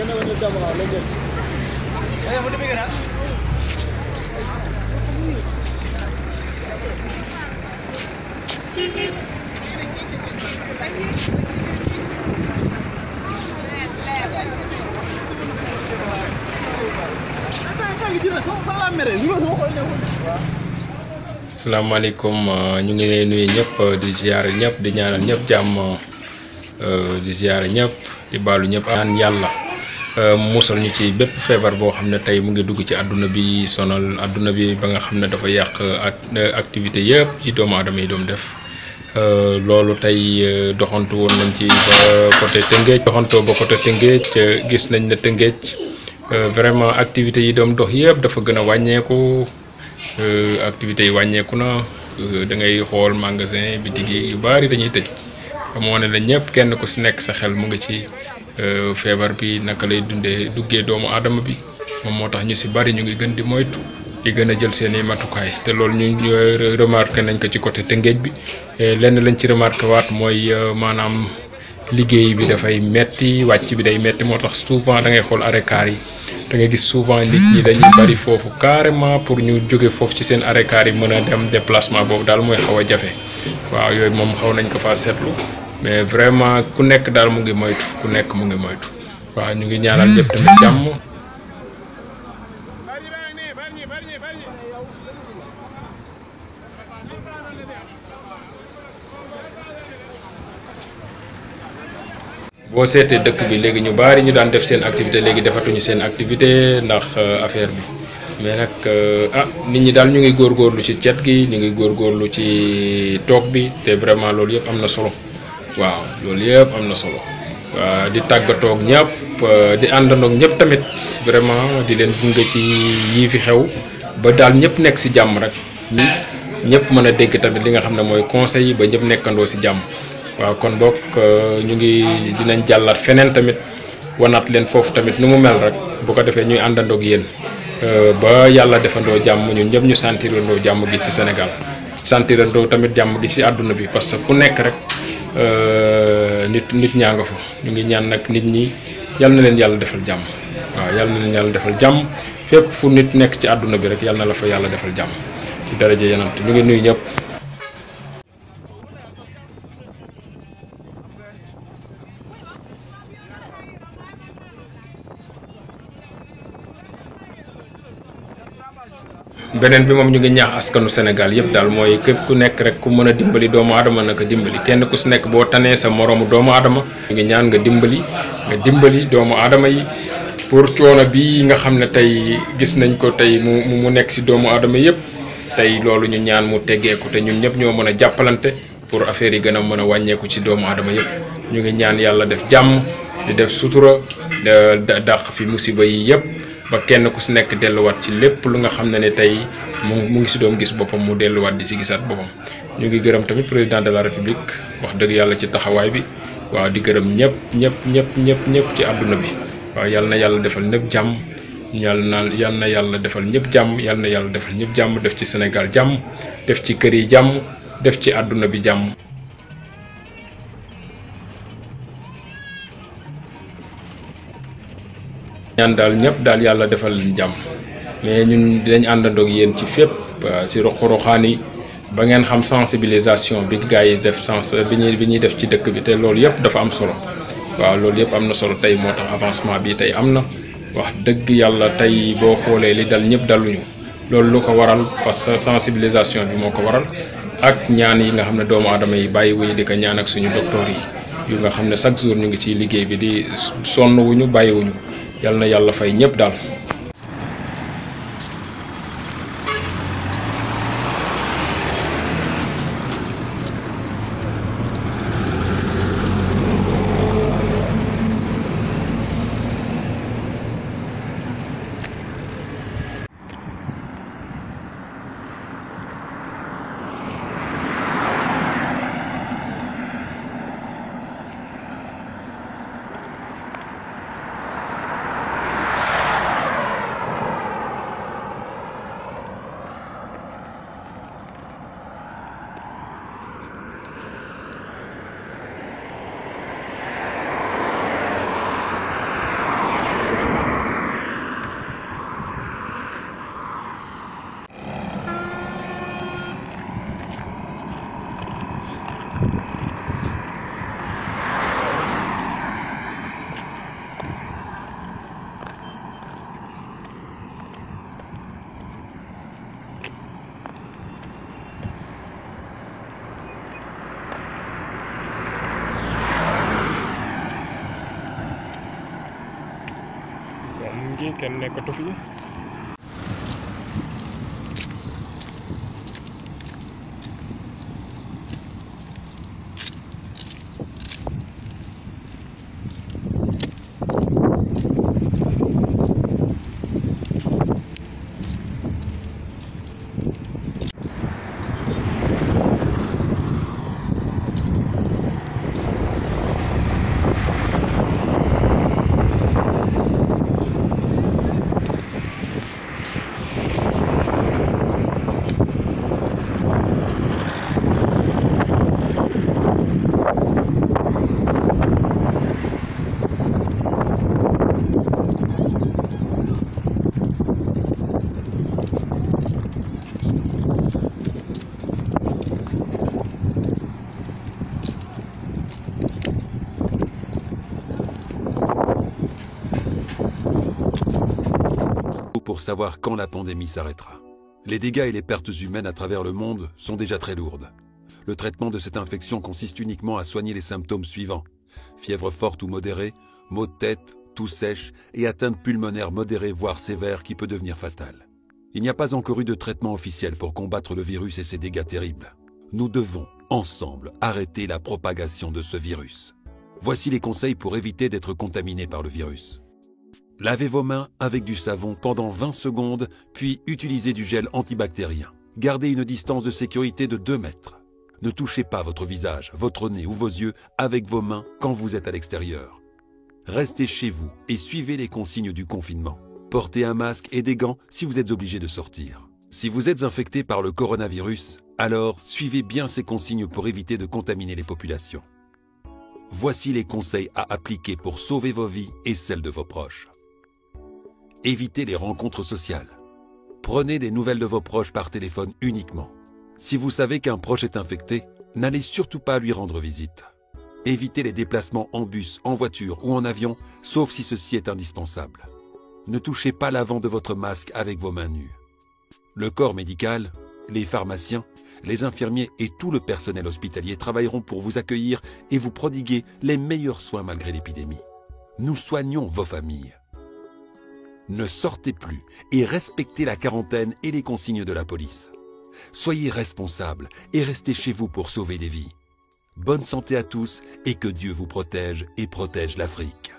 కింద వదిలిద్దాము లగేజ్ ఉండి బిగరా ñu ngi leen nuyu ñëpp di ziar ñëpp di ñaanal jam uh, di ziar ñëpp di baalu Euh, musal ñu ci bépp feebar boo xam ne tey mu ngi dugg ci àdduna bi sonal àdduna bi ba nga xam ne dafa yàq euh, activité yëpp ci doomu adama yi doom def euh, loolu tey doxantu woon lañ ci côté Tëngéej doxantoo ba côté Tëngéej gis nañ ne Tëngéej vraiment activités yi doom dox yëpp dafa gën a wàññeeku activités yi wàññeeku na da ngay xool magasin bitig yi yu bari dañuy tëj moo ne la ñëpp kenn ku si nekk sa xel mu ngi ci Euh, feebar bi naka lay dundee duggee doomu aadama bi moom moo tax ñu si bari ñu ngi gën di moytu di gën a jël seeni matukaay te loolu ñu euh, remarqué nañ ko ci côté Tëngéej bi euh, lenn lañ ci remarqué waat mooy maanaam liggéey bi dafay metti wàcc bi day metti moo tax souvent da ngay xool arrêt car yi da ngay gis souvent nit ñi dañuy bari foofu carrément pour ñu jóge foofu ci seen arrêt car yi mën a dem déplacement boobu daal mooy xaw a jafe waaw yooyu moom xaw nañ ko faa seetlu. mais vraiment ku nekk daal mu ngi moytu ku nekk mu ngi moytu waaw ñu ngi ñaanal ñëpp tamit jàmm boo seetee dëkk bi léegi ñu bari ñu daan def seen activité léegi defatuñu seen activité ndax euh, affaire bi mais nag euh, ah nit ñi daal ñu ngi góorgóorlu ci cet gi ñu ngi góorgóorlu ci toog bi te vraiment loolu yëpp am solo waaw loolu yëpp am na solo di tàggatoo ñëpp euh, di àndandoo ak ñëpp tamit vraiment di leen gunge ci yii fi xew ba daal ñëpp nekk si jàmm rek ñëpp mën a dégg tamit li nga xam ne mooy conseil yi ba ñëpp nekkandoo si jàmm waaw kon boog euh, ñu ngi dinañ jàllaat feneen tamit wanaat leen foofu tamit nu mu mel rek bu ko defee ñuy àndandoo ak yéen euh, ba yàlla defandoo jàmm ñun ñëpp ñu doo jàmm gi si Sénégal sentirandoo tamit jàmm gi si àdduna bi parce que fu nekk rek. Euh, nit nit ñaa nga fa ñu ngi ñaan nag nit ñi yal na leen yàlla defal jàmm waaw yàlla na leen yàlla defal jàmm fépp fu nit nekk ci àdduna bi rek yal na la fa yàlla defal jàmm ci daraja yenant ñu ngi nuyu ñëpp beneen bi moom ñu ngi ñaax askanu Senegal yëpp daal mooy képp ku nekk rek ku mën a dimbali doomu aadama naka dimbali kenn ku si nekk boo tanee sa moroomu doomu adama ñu ngi ñaan nga dimbali nga dimbali doomu aadama yi pour coono bi nga xam tay gis nañ ko mu mu nekk si doomu aadama yëpp tey loolu ñu ñaan mu teggeeku te ñun ñëpp ñoo mën a jàppalante pour affaire yi gën a mën a wàññeeku ci doomu aadama yëpp ñu ngi ñaan yalla def jàmm di def sutura dàq fi musiba yi yëpp ba kenn ku si nekk delluwaat ci lépp lu nga xam ne ne tey mu mu ngi si doon gis boppam mu delluwaat di si gisaat boppam ñu ngi gërëm tamit président de la république wax dëgg yàlla ci taxawaay bi waaw di gërëm ñëpp ñëpp ñëpp ñëpp ñëpp ci àdduna bi waaw yàlla na yàlla defal ñëpp jàmm yàlla na yàlla na yàlla defal ñëpp jàmm yàlla na yàlla defal ñëpp jàmm def ci Sénégal jàmm def ci kër yi jàmm def ci àdduna bi jàmm ñaan daal ñëpp daal yàlla defal leen jàmm mais ñun dinañ àndandoog yéen ci fépp si euh, roq-roqaan yi ba ngeen xam sensibilisation bi yi def sens euh, bi bi ñuy def ci dëkk bi te loolu yëpp dafa am solo waaw loolu yëpp am na solo tey moo tax avancement bi tey am na wax dëgg yàlla tey boo xoolee li dal ñëpp daluñu loolu lu ko waral parce que sensibilisation bi moo ko waral ak ñaan yi nga xam ne doomu aadama yi bàyyi di ko ñaan ak suñu docteur yi yu nga xam ne chaque jour ñu ngi ciy liggéey bi di sonn wuñu bàyyi wuñu yal na yàlla fay ñëpp daal can neck to fee. savoir quand la pandémie s'arrêtera. Les dégâts et les pertes humaines à travers le monde sont déjà très lourdes. Le traitement de cette infection consiste uniquement à soigner les symptômes suivants. Fièvre forte ou modérée, maux de tête, toux sèche et atteinte pulmonaire modérée voire sévère qui peut devenir fatale. Il n'y a pas encore eu de traitement officiel pour combattre le virus et ses dégâts terribles. Nous devons, ensemble, arrêter la propagation de ce virus. Voici les conseils pour éviter d'être contaminé par le virus. Lavez vos mains avec du savon pendant 20 secondes, puis utilisez du gel antibactérien. Gardez une distance de sécurité de 2 mètres. Ne touchez pas votre visage, votre nez ou vos yeux avec vos mains quand vous êtes à l'extérieur. Restez chez vous et suivez les consignes du confinement. Portez un masque et des gants si vous êtes obligé de sortir. Si vous êtes infecté par le coronavirus, alors suivez bien ces consignes pour éviter de contaminer les populations. Voici les conseils à appliquer pour sauver vos vies et celles de vos proches. Évitez les rencontres sociales. Prenez des nouvelles de vos proches par téléphone uniquement. Si vous savez qu'un proche est infecté, n'allez surtout pas lui rendre visite. Évitez les déplacements en bus, en voiture ou en avion, sauf si ceci est indispensable. Ne touchez pas l'avant de votre masque avec vos mains nues. Le corps médical, les pharmaciens, les infirmiers et tout le personnel hospitalier travailleront pour vous accueillir et vous prodiguer les meilleurs soins malgré l'épidémie. Nous soignons vos familles. Ne sortez plus et respectez la quarantaine et les consignes de la police. Soyez responsables et restez chez vous pour sauver des vies. Bonne santé à tous et que Dieu vous protège et protège l'Afrique.